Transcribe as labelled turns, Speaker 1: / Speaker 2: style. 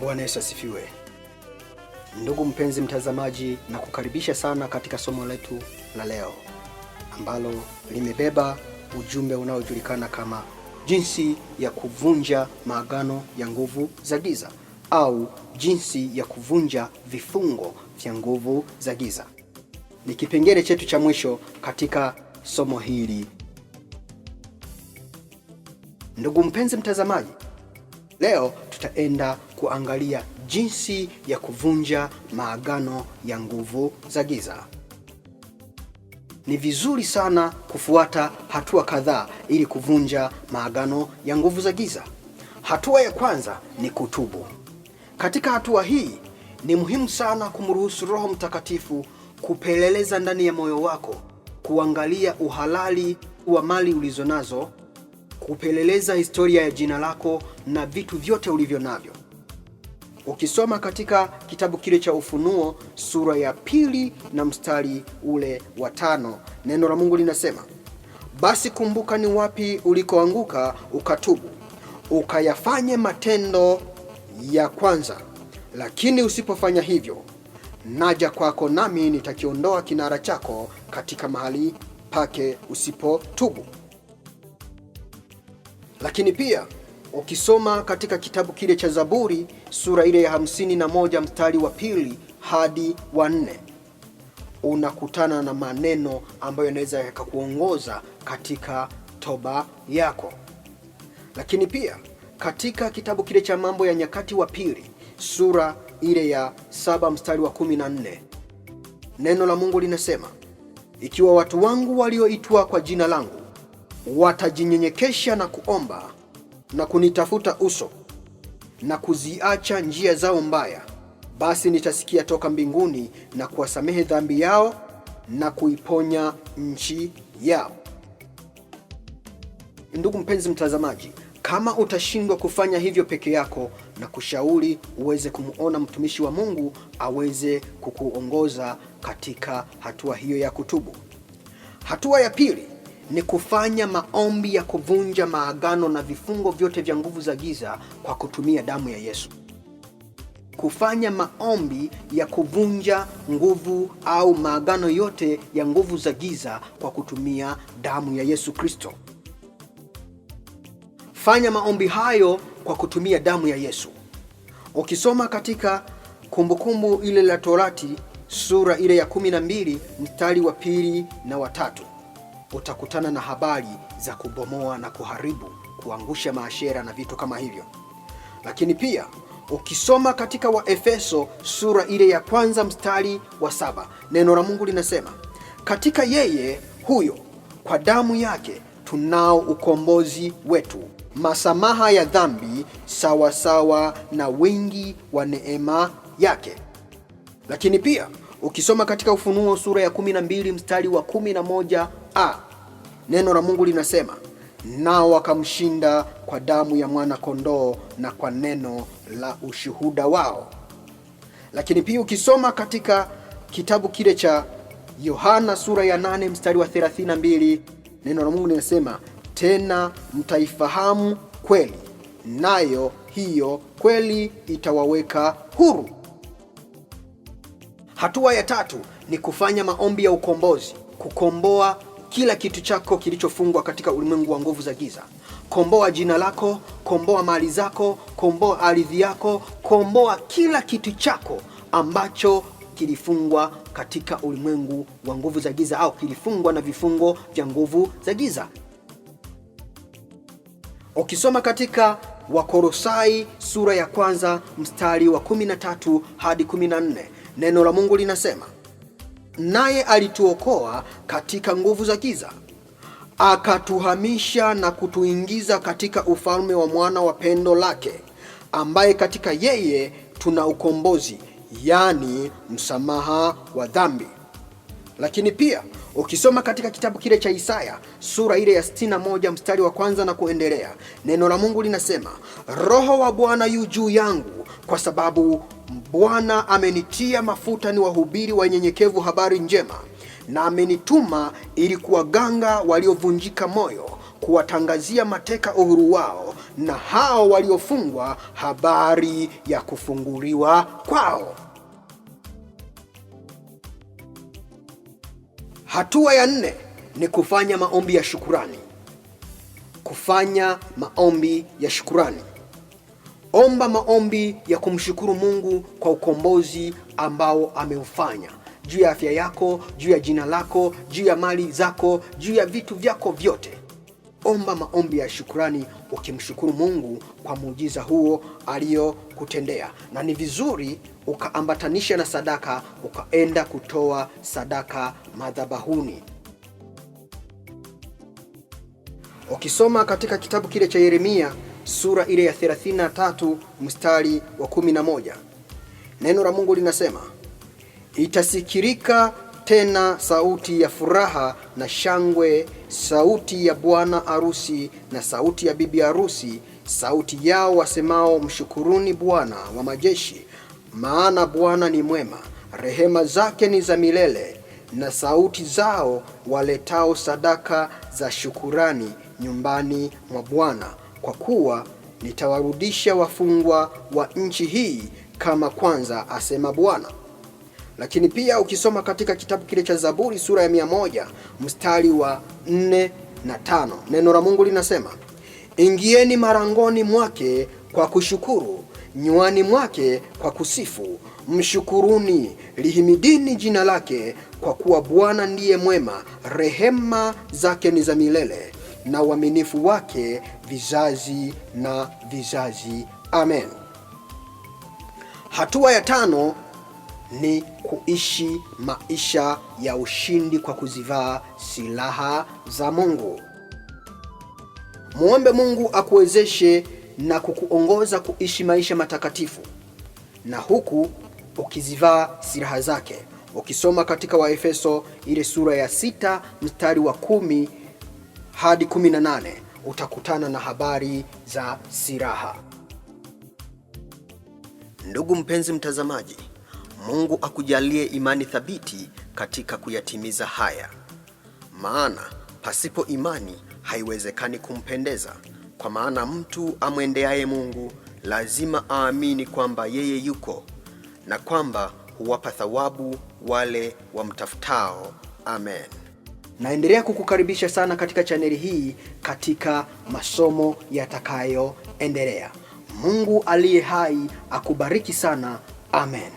Speaker 1: Bwana Yesu asifiwe. Ndugu mpenzi mtazamaji, na kukaribisha sana katika somo letu la leo ambalo limebeba ujumbe unaojulikana kama jinsi ya kuvunja maagano ya nguvu za giza au jinsi ya kuvunja vifungo vya nguvu za giza. Ni kipengele chetu cha mwisho katika somo hili. Ndugu mpenzi mtazamaji, leo tutaenda kuangalia jinsi ya kuvunja maagano ya nguvu za giza. Ni vizuri sana kufuata hatua kadhaa ili kuvunja maagano ya nguvu za giza. Hatua ya kwanza ni kutubu. Katika hatua hii ni muhimu sana kumruhusu Roho Mtakatifu kupeleleza ndani ya moyo wako, kuangalia uhalali wa mali ulizonazo, kupeleleza historia ya jina lako na vitu vyote ulivyo navyo. Ukisoma katika kitabu kile cha Ufunuo sura ya pili na mstari ule wa tano, neno la Mungu linasema basi kumbuka ni wapi ulikoanguka, ukatubu ukayafanye matendo ya kwanza. Lakini usipofanya hivyo, naja kwako, nami nitakiondoa kinara chako katika mahali pake usipotubu. Lakini pia Ukisoma katika kitabu kile cha Zaburi sura ile ya hamsini na moja mstari wa pili hadi wa nne unakutana na maneno ambayo yanaweza yakakuongoza katika toba yako. Lakini pia katika kitabu kile cha Mambo ya Nyakati wa Pili sura ile ya saba mstari wa kumi na nne neno la Mungu linasema, ikiwa watu wangu walioitwa kwa jina langu watajinyenyekesha na kuomba na kunitafuta uso na kuziacha njia zao mbaya, basi nitasikia toka mbinguni na kuwasamehe dhambi yao na kuiponya nchi yao. Ndugu mpenzi mtazamaji, kama utashindwa kufanya hivyo peke yako, na kushauri uweze kumwona mtumishi wa Mungu aweze kukuongoza katika hatua hiyo ya kutubu. Hatua ya pili ni kufanya maombi ya kuvunja maagano na vifungo vyote vya nguvu za giza kwa kutumia damu ya Yesu. Kufanya maombi ya kuvunja nguvu au maagano yote ya nguvu za giza kwa kutumia damu ya Yesu Kristo. Fanya maombi hayo kwa kutumia damu ya Yesu. Ukisoma katika kumbukumbu ile la Torati sura ile ya 12 mstari wa pili na watatu utakutana na habari za kubomoa na kuharibu, kuangusha maashera na vitu kama hivyo. Lakini pia ukisoma katika Waefeso sura ile ya kwanza mstari wa saba neno la Mungu linasema katika yeye huyo kwa damu yake tunao ukombozi wetu, masamaha ya dhambi sawasawa na wingi wa neema yake. Lakini pia Ukisoma katika Ufunuo sura ya 12 mstari wa 11 a, neno la Mungu linasema nao wakamshinda kwa damu ya mwana kondoo na kwa neno la ushuhuda wao. Lakini pia ukisoma katika kitabu kile cha Yohana sura ya 8 mstari wa 32 neno la Mungu linasema tena mtaifahamu kweli, nayo hiyo kweli itawaweka huru. Hatua ya tatu ni kufanya maombi ya ukombozi, kukomboa kila kitu chako kilichofungwa katika ulimwengu wa nguvu za giza. Komboa jina lako, komboa mali zako, komboa ardhi yako, komboa kila kitu chako ambacho kilifungwa katika ulimwengu wa nguvu za giza au kilifungwa na vifungo vya nguvu za giza. Ukisoma katika Wakorosai sura ya kwanza mstari wa 13 hadi 14 Neno la Mungu linasema, naye alituokoa katika nguvu za giza, akatuhamisha na kutuingiza katika ufalme wa mwana wa pendo lake, ambaye katika yeye tuna ukombozi, yaani msamaha wa dhambi. Lakini pia ukisoma katika kitabu kile cha Isaya sura ile ya 61 mstari wa kwanza na kuendelea, neno la Mungu linasema, Roho wa Bwana yu juu yangu kwa sababu Bwana amenitia mafuta ni wahubiri wanyenyekevu habari njema, na amenituma ili kuwaganga waliovunjika moyo, kuwatangazia mateka uhuru wao, na hao waliofungwa habari ya kufunguliwa kwao. Hatua ya nne ni kufanya maombi ya shukurani. Kufanya maombi ya shukurani. Omba maombi ya kumshukuru Mungu kwa ukombozi ambao ameufanya juu ya afya yako, juu ya jina lako, juu ya mali zako, juu ya vitu vyako vyote. Omba maombi ya shukrani ukimshukuru Mungu kwa muujiza huo aliyokutendea, na ni vizuri ukaambatanisha na sadaka, ukaenda kutoa sadaka madhabahuni. Ukisoma katika kitabu kile cha Yeremia sura ile ya 33 mstari wa 11. Neno la Mungu linasema Itasikirika tena sauti ya furaha na shangwe, sauti ya bwana arusi na sauti ya bibi arusi, sauti yao wasemao, mshukuruni Bwana wa majeshi, maana Bwana ni mwema, rehema zake ni za milele, na sauti zao waletao sadaka za shukurani nyumbani mwa Bwana kwa kuwa nitawarudisha wafungwa wa nchi hii kama kwanza, asema Bwana. Lakini pia ukisoma katika kitabu kile cha Zaburi sura ya mia moja mstari wa nne na tano neno la Mungu linasema, ingieni marangoni mwake kwa kushukuru, nywani mwake kwa kusifu, mshukuruni, lihimidini jina lake, kwa kuwa Bwana ndiye mwema, rehema zake ni za milele, na uaminifu wake vizazi na vizazi. Amen. Hatua ya tano ni kuishi maisha ya ushindi kwa kuzivaa silaha za Mungu. Muombe Mungu akuwezeshe na kukuongoza kuishi maisha matakatifu na huku ukizivaa silaha zake. Ukisoma katika Waefeso ile sura ya sita mstari wa kumi hadi kumi na nane utakutana na habari za silaha. Ndugu mpenzi mtazamaji, Mungu akujalie imani thabiti katika kuyatimiza haya, maana pasipo imani haiwezekani kumpendeza, kwa maana mtu amwendeaye Mungu lazima aamini kwamba yeye yuko na kwamba huwapa thawabu wale wamtafutao. Amen. Naendelea kukukaribisha sana katika chaneli hii katika masomo yatakayoendelea. Mungu aliye hai akubariki sana. Amen.